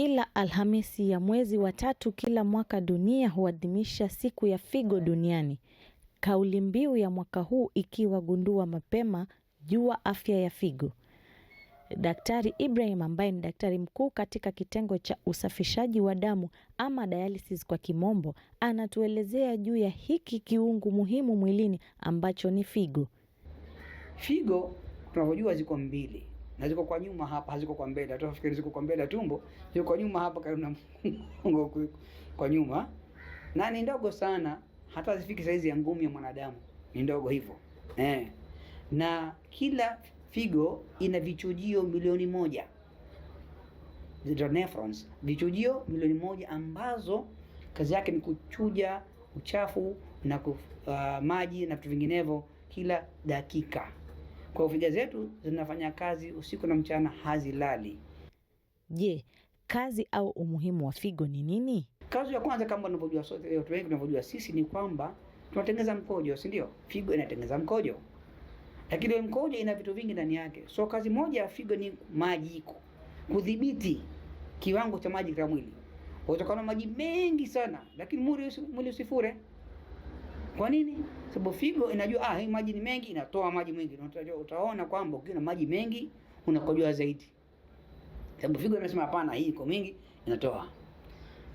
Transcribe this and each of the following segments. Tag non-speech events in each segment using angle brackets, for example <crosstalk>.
Kila Alhamisi ya mwezi wa tatu kila mwaka dunia huadhimisha siku ya figo duniani. Kauli mbiu ya mwaka huu ikiwa gundua mapema, jua afya ya figo. Daktari Ibrahim ambaye ni daktari mkuu katika kitengo cha usafishaji wa damu ama dialysis kwa kimombo, anatuelezea juu ya hiki kiungu muhimu mwilini ambacho ni figo. Figo tunavyojua ziko mbili na ziko kwa nyuma hapa, haziko kwa mbele. Hata ufikiri ziko kwa mbele tumbo, ziko kwa nyuma hapa, karibu na mgongo kwa nyuma, na ni ndogo sana, hata zifiki saizi ya ngumi ya mwanadamu, ni ndogo hivyo eh. Na kila figo ina vichujio milioni moja nephrons, vichujio milioni moja ambazo kazi yake ni kuchuja uchafu na kuf, uh, ah, maji na vitu vinginevyo kila dakika. Kwa figa zetu zinafanya kazi usiku na mchana, hazilali. Je, kazi au umuhimu wa figo ni nini? Kazi ya kwanza kama unavyojua sote, watu wengi tunavyojua sisi ni kwamba tunatengeneza mkojo, si ndio? Figo inatengeneza mkojo, lakini mkojo ina vitu vingi ndani yake. So kazi moja ya figo ni maji, kudhibiti kiwango cha maji katika mwili. Utakuwa na maji mengi sana, lakini mwili usifure. Kwa nini? Sababu figo inajua ah, hii maji ni mengi, inatoa maji mengi. Unatajua, utaona kwamba ukiwa na maji mengi unakojoa zaidi, sababu figo inasema hapana, hii iko mingi, inatoa.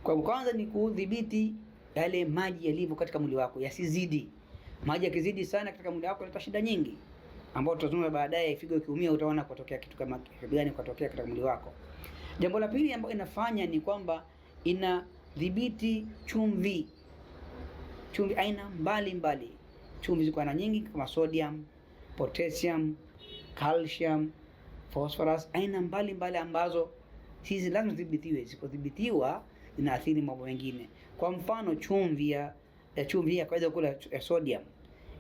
Kwa kwanza ni kudhibiti yale maji yalivyo katika mwili wako yasizidi. Maji yakizidi sana katika mwili wako yanaleta shida nyingi, ambao tutazungumza baadaye. Figo ikiumia, utaona kutokea kitu kama kitu gani kutokea katika mwili wako. Jambo la pili ambalo inafanya ni kwamba inadhibiti chumvi chumvi aina mbalimbali. Chumvi ziko aina nyingi kama sodium, potassium, calcium, phosphorus, aina mbalimbali ambazo hizi lazima zidhibitiwe. Zisipodhibitiwa zinaathiri mambo mengine. Kwa mfano chumvi ya chumvi ya kawaida kula ya sodium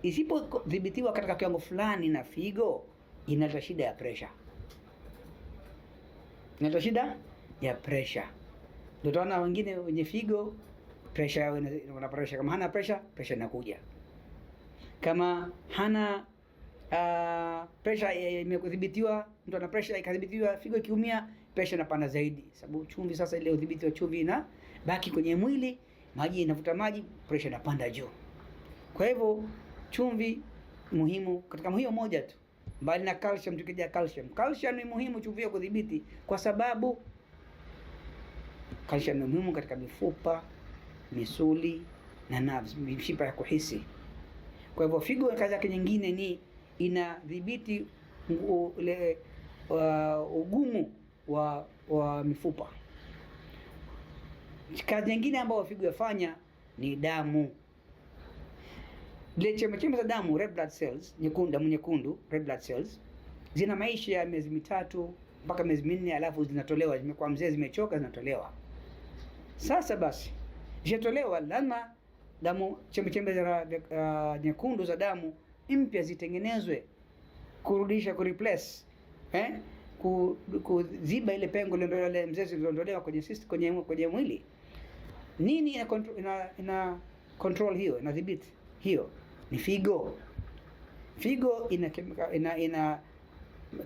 isipodhibitiwa katika kiwango fulani na figo, inaleta shida ya pressure, inaleta shida ya pressure. Ndio tunaona wengine wenye figo presha yao, una presha. Kama hana presha, presha inakuja. Kama hana uh, presha imekudhibitiwa, mtu ana presha ikadhibitiwa, figo ikiumia, presha inapanda zaidi, sababu chumvi sasa, ile udhibiti wa chumvi na baki kwenye mwili, maji inavuta maji, presha inapanda juu. Kwa hivyo chumvi muhimu katika hiyo moja tu, mbali na calcium. Tukija calcium, calcium ni muhimu chumvi ya kudhibiti, kwa sababu calcium ni muhimu katika mifupa misuli na nerves, mishipa ya kuhisi. Kwa hivyo figo kazi yake nyingine ni inadhibiti ule uh, ugumu wa, wa mifupa. Kazi nyingine ambayo figo yafanya ni damu, ile chembechembe za damu red blood cells, nyekundu, damu nyekundu red blood cells zina maisha ya miezi mitatu mpaka miezi minne, alafu zinatolewa. Zimekuwa mzee, zimechoka, zinatolewa. Sasa basi zishatolewa lazima damu chembechembe za uh, nyekundu za damu mpya zitengenezwe kurudisha replace eh, kuziba ile pengo liliondolewa ile mzezi liliondolewa kwenye system, kwenye kwenye mwili. Nini ina control, ina, ina control hiyo inadhibiti hiyo ni figo. Figo ina chemical, ina, ina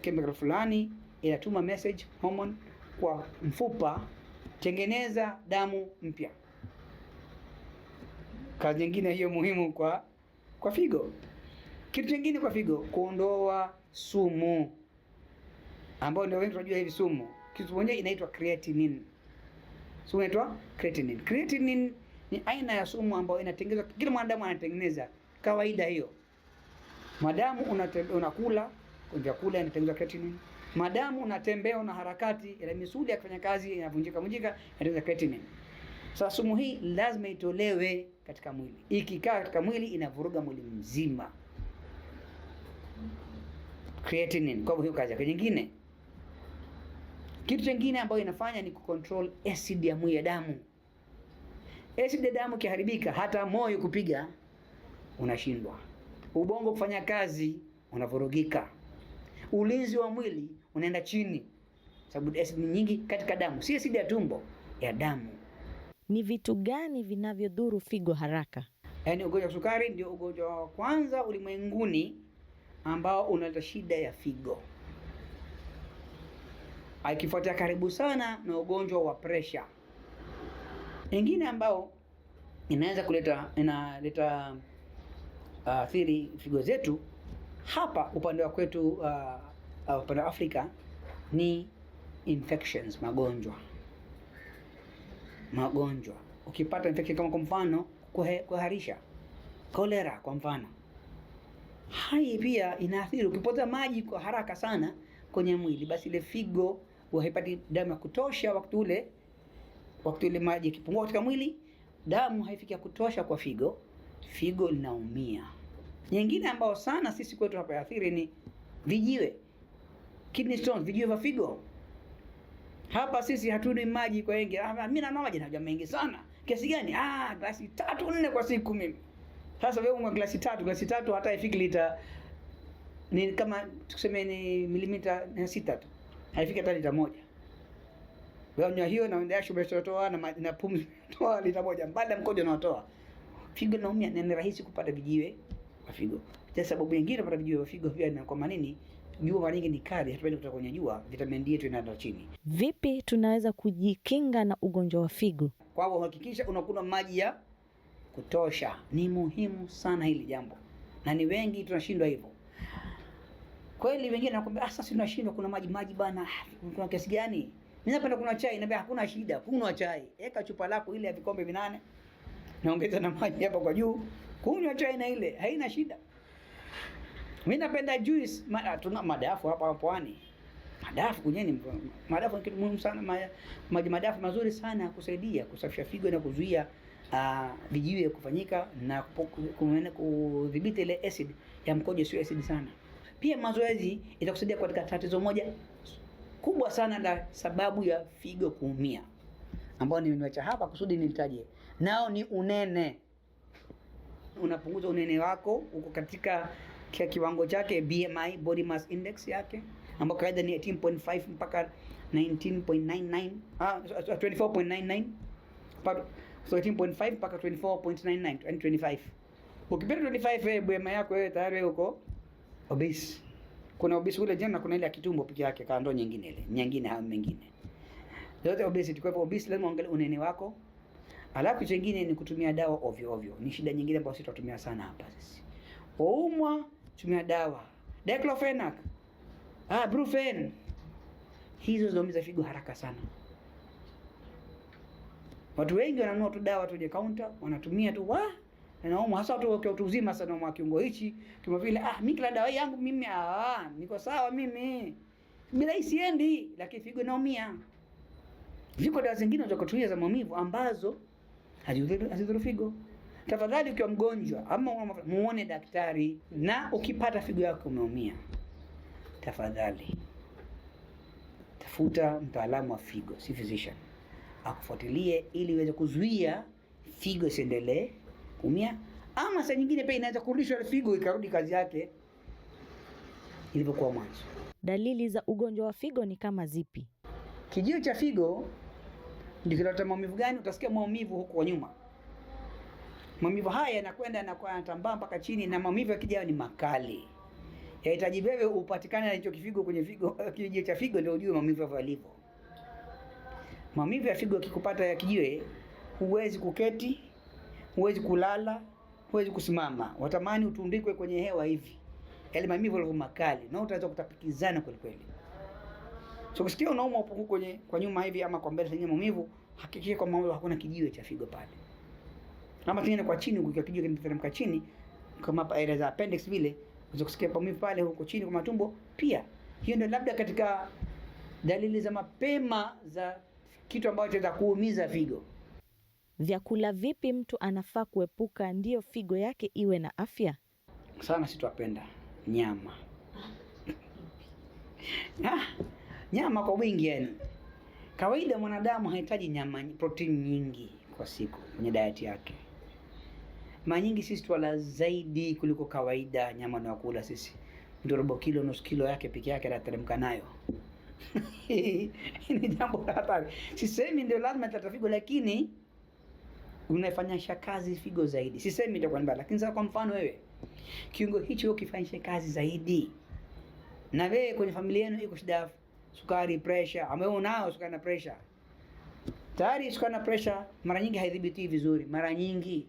chemical fulani inatuma message hormone kwa mfupa, tengeneza damu mpya. Kazi nyingine hiyo muhimu kwa kwa figo. Kitu kingine kwa figo, kuondoa sumu ambayo ndio wengi tunajua hivi sumu. Kitu moja inaitwa creatinine. Sumu inaitwa creatinine. Creatinine ni aina ya sumu ambayo inatengenezwa, kila mwanadamu anatengeneza kawaida hiyo. Madamu unakula kwa vyakula inatengenezwa creatinine. Madamu unatembea na harakati ile misuli ya kufanya kazi inavunjika vunjika inatengeneza creatinine. Sasa sumu hii lazima itolewe katika mwili. Ikikaa katika mwili inavuruga mwili mzima, creatinine. Kwa hiyo kazi yake nyingine. Kitu kingine ambayo inafanya ni kucontrol acid ya mwili ya damu. Acid ya damu ikiharibika, hata moyo kupiga unashindwa, ubongo kufanya kazi unavurugika, ulinzi wa mwili unaenda chini, sababu acid nyingi katika damu, si acid ya tumbo, ya damu. Ni vitu gani vinavyodhuru figo haraka? Yaani, ugonjwa wa sukari ndio ugonjwa wa kwanza ulimwenguni ambao unaleta shida ya figo, akifuatia karibu sana na ugonjwa wa presha. Ingine ambao inaweza kuleta inaleta ah, athiri uh, figo zetu hapa upande wa kwetu uh, uh, upande wa Afrika ni infections, magonjwa magonjwa. Ukipata infection kama kwa mfano kuharisha, kolera kwa mfano, hai pia inaathiri. Ukipoteza maji kwa haraka sana kwenye mwili, basi ile figo haipati damu ya kutosha wakati ule. Wakati ule maji ikipungua katika mwili, damu haifiki ya kutosha kwa figo, figo linaumia. Nyingine ambayo sana sisi kwetu hapa athiri ni vijiwe, kidney stones, vijiwe vya figo hapa sisi hatuni maji kwa wengi. Ah, mimi na maji najua mengi sana. Kiasi gani? Ah, glasi tatu nne kwa siku mimi. Sasa wewe unywa glasi tatu, glasi tatu hata ifiki lita ni kama tuseme ni milimita sita tu. Haifiki hata lita moja. Wewe unywa hiyo na unaendea shule unatoa na na pumzi toa lita moja. baada mkojo unatoa. Figo naumia na ni rahisi kupata vijiwe kwa figo. Kwa sababu nyingine kupata vijiwe kwa figo pia ni kwa manini? jua mara nyingi ni kali, hatupendi kutoka kwenye jua, vitamin D yetu inaenda chini. Vipi tunaweza kujikinga na ugonjwa wa figo? Kwa hivyo hakikisha unakunywa maji ya kutosha, ni muhimu sana hili jambo, na ni wengi tunashindwa hivyo kweli. Wengine nakwambia ah, sasa tunashindwa kuna maji maji bana, kuna kiasi gani? Mimi napenda kunywa chai, naambia hakuna shida, kunywa chai, eka chupa lako ile ya vikombe vinane, naongeza na maji hapa kwa juu, kunywa chai na ile haina shida. Mimi napenda juice, ma, ah, tuna madafu hapa pwani. Madafu ni madafu ni kitu muhimu sana, maji ma, madafu mazuri sana kusaidia kusafisha figo na kuzuia uh, vijiwe kufanyika na kudhibiti ile acid ya mkojo, sio acid sana. Pia mazoezi itakusaidia katika tatizo moja kubwa sana la sababu ya figo kuumia, ambao nimeacha hapa kusudi nilitaje, nao ni unene. Unapunguza unene wako, uko katika kia kiwango chake BMI, body mass index yake ambayo kawaida ni 18.5 mpaka 19.99 ah, 24.99 so 18.5 mpaka 24.99 25. Ukipita 25, wewe BMI yako wewe eh, tayari wewe uko obese. Kuna obese ule jana, kuna ile ya kitumbo peke yake, kando nyingine ile nyingine, hayo mengine yote obesity. Kwa hivyo obese, lazima uangalie unene wako, alafu chengine ni kutumia dawa ovyo ovyo, ni shida nyingine ambayo sisi sitatumia sana hapa sisi. Waumwa tumia dawa Diclofenac, ah, Brufen. Hizo zinaumiza figo haraka sana. Watu wengi wananunua tu dawa tu kaunta, wanatumia tu wa nauma hasa watu kwa utu uzima sana mwa kiungo hichi, kama vile ah, mimi kila dawa yangu mimi ah, ah niko sawa mimi. Bila isiendi, lakini figo inaumia. Ziko dawa zingine za kutumia za maumivu ambazo hazidhuru figo. Tafadhali ukiwa mgonjwa ama muone daktari, na ukipata figo yako umeumia, tafadhali tafuta mtaalamu wa figo, si physician, akufuatilie ili uweze kuzuia figo isiendelee kuumia, ama saa nyingine pia inaweza kurudishwa figo ikarudi kazi yake ilivyokuwa mwanzo. Dalili za ugonjwa wa figo ni kama zipi? Kijio cha figo ndio kinaleta maumivu gani? Utasikia maumivu huko nyuma Maumivu haya yanakwenda na kwa yanatambaa mpaka chini, na maumivu yakija ni makali, yahitaji wewe upatikane na hicho kifigo kwenye figo <laughs> kijiwe cha figo ndio ujue maumivu yao yalivyo. Maumivu ya figo yakikupata ya kijiwe, huwezi kuketi, huwezi kulala, huwezi kusimama, watamani utundikwe kwenye hewa hivi, yale maumivu yalivyo makali, na utaweza kutapikizana kweli kweli. So kusikia unaumwa upo kwenye kwa nyuma hivi ama kwa mbele, yenye maumivu, hakikisha kwa maumivu hakuna kijiwe cha figo pale ama pengine kwa chini huko kichwa kinateremka chini kama area za appendix vile, unaweza kusikia maumivu pale huko chini kwa matumbo pia. Hiyo ndio labda katika dalili za mapema za kitu ambacho kinaweza kuumiza figo. Vyakula vipi mtu anafaa kuepuka ndiyo figo yake iwe na afya? Sana sitwapenda nyama <laughs> ah, nyama kwa wingi yani. Kawaida mwanadamu hahitaji nyama, protini nyingi kwa siku kwenye diet yake. Mara nyingi sisi twala zaidi kuliko kawaida nyama na kula sisi. Ndio robo kilo nusu kilo yake peke yake anateremka nayo. <laughs> Ni jambo la hatari. Sisemi ndio lazima tata figo lakini unaifanyisha kazi figo zaidi. Sisemi ndio kwa nini lakini sasa kwa mfano wewe kiungo hicho ukifanyisha kazi zaidi. Na wewe kwenye familia yenu iko shida sukari, pressure, ama wewe unao sukari na pressure. Tayari sukari na pressure mara nyingi haidhibitiwi vizuri, mara nyingi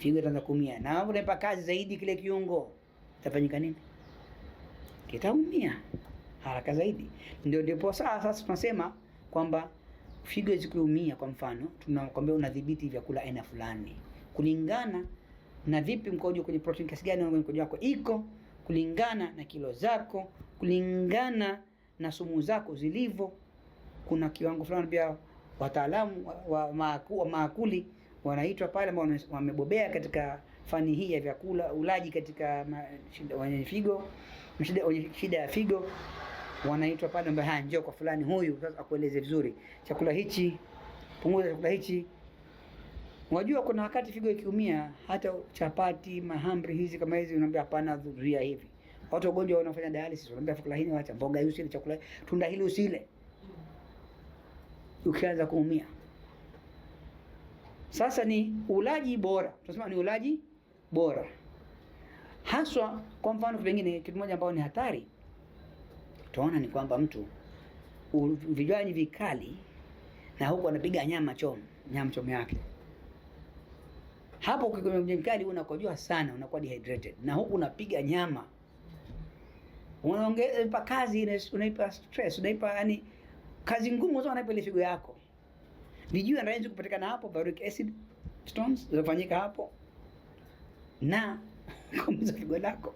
figo itaanza kuumia, na urepa kazi zaidi kile kiungo, itafanyika nini? Kitaumia haraka zaidi. Ndio ndipo sasa sasa tunasema kwamba figo zikiumia, kwa mfano, tunakwambia unadhibiti vyakula aina fulani kulingana na vipi mkojo kwenye protein kiasi gani kwenye mkojo wako iko kulingana na kilo zako, kulingana na sumu zako zilivyo. Kuna kiwango fulani pia wataalamu wa maakuli wanaitwa pale ambao wamebobea katika fani hii ya vyakula, ulaji katika wenye figo, wenye shida ya figo wanaitwa pale, ambao haya, njoo kwa fulani huyu sasa akueleze vizuri chakula hichi, punguza chakula hichi. Unajua, kuna wakati figo ikiumia, hata chapati, mahamri hizi kama hizi, unaambia hapana, dhuria hivi. Watu wagonjwa wanafanya dialysis, unaambia chakula hili acha, mboga hii usile, chakula tunda hili usile, ukianza kuumia sasa ni ulaji bora, tunasema ni ulaji bora haswa. Kwa mfano pengine kitu moja ambao ni hatari tunaona ni kwamba mtu vinywaji vikali na huku anapiga nyama choma nyama choma yake hapo, ukikunywa mkali unakojua sana, unakuwa dehydrated na huku unapiga nyama, unaongeza kazi, unaipa stress, unaipa yani kazi ngumu, unaipa ile figo yako. Ni juu ya kupatikana hapo valeric acid stones zinafanyika hapo na <laughs> kumza figo lako.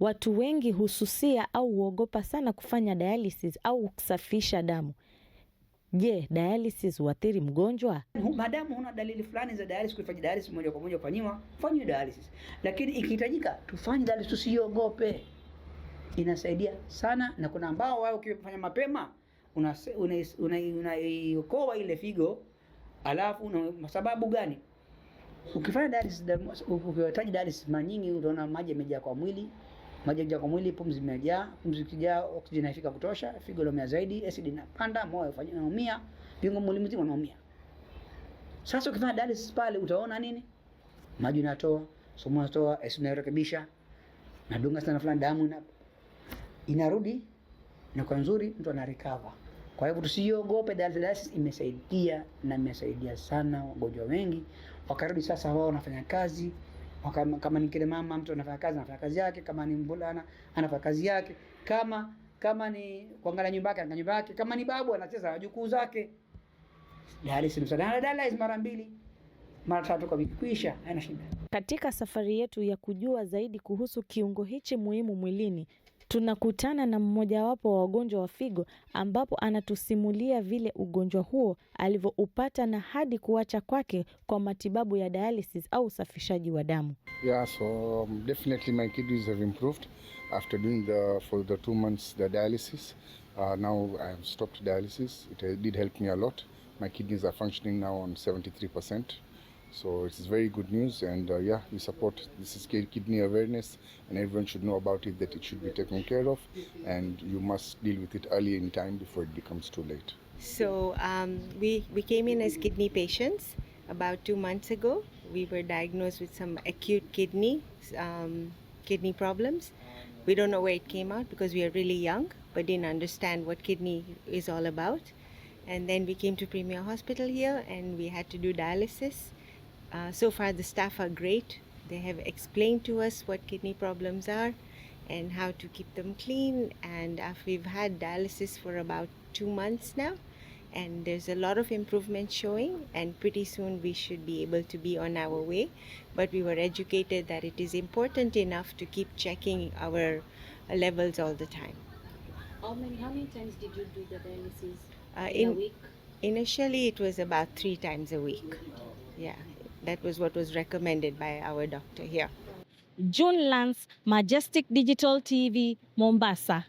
Watu wengi hususia au huogopa sana kufanya dialysis au kusafisha damu. Je, yeah, dialysis huathiri mgonjwa? Madamu una dalili fulani za dialysis, kufanya dialysis moja kwa moja ufanyiwa, fanywe dialysis. Lakini ikihitajika tufanye dialysis, usiogope. Inasaidia sana na kuna ambao wao ukifanya mapema unaiokoa una, una ile figo alafu una sababu gani? Ukifanya dialysis, ukiwataji dialysis mara nyingi utaona maji yamejaa kwa mwili, maji yamejaa kwa mwili, pumzi zimejaa, pumzi ikijaa oksijeni haifika kutosha, figo inaumia zaidi, acid inapanda, moyo ufanye unaumia, viungo mwili mzima unaumia. Sasa ukifanya dialysis pale utaona nini? Maji unatoa, sumu unatoa, acid unarekebisha, nadunga sana fulani damu na inarudi na kwa nzuri mtu ana recover. Kwa hivyo tusiogope, dialysis imesaidia na imesaidia sana wagonjwa wengi. Wakarudi sasa, wao wanafanya kazi waka, kama ni kile mama mtu anafanya kazi anafanya kazi yake, kama ni mvulana anafanya kazi yake, kama kama ni kuangalia nyumba yake nyumba yake, kama ni babu anacheza na jukuu zake. Dialysis msaada, dialysis mara mbili mara tatu kwa wiki kuisha, haina shida. Katika safari yetu ya kujua zaidi kuhusu kiungo hichi muhimu mwilini tunakutana na mmojawapo wa wagonjwa wa figo ambapo anatusimulia vile ugonjwa huo alivyoupata na hadi kuacha kwake kwa matibabu ya dialysis au usafishaji wa damu. Yeah, so um, definitely my kidneys have improved after doing the for the two months the dialysis. Uh, now I have stopped dialysis. It uh, did help me a lot. My kidneys are functioning now on 73%. So it's very good news, and uh, yeah, we support this is kidney awareness, and everyone should know about it that it should be taken care of, and you must deal with it early in time before it becomes too late. So um, we we came in as kidney patients about two months ago. We were diagnosed with some acute kidney um, kidney problems. We don't know where it came out because we are really young, but didn't understand what kidney is all about. And then we came to Premier Hospital here, and we had to do dialysis uh, so far the staff are great. They have explained to us what kidney problems are and how to keep them clean. And we've had dialysis for about two months now and there's a lot of improvement showing and pretty soon we should be able to be on our way but we were educated that it is important enough to keep checking our levels all the time how many how many times did you do the dialysis uh, in, in a week initially it was about three times a week yeah That was what was recommended by our doctor here. June Lance, Majestic Digital TV, Mombasa.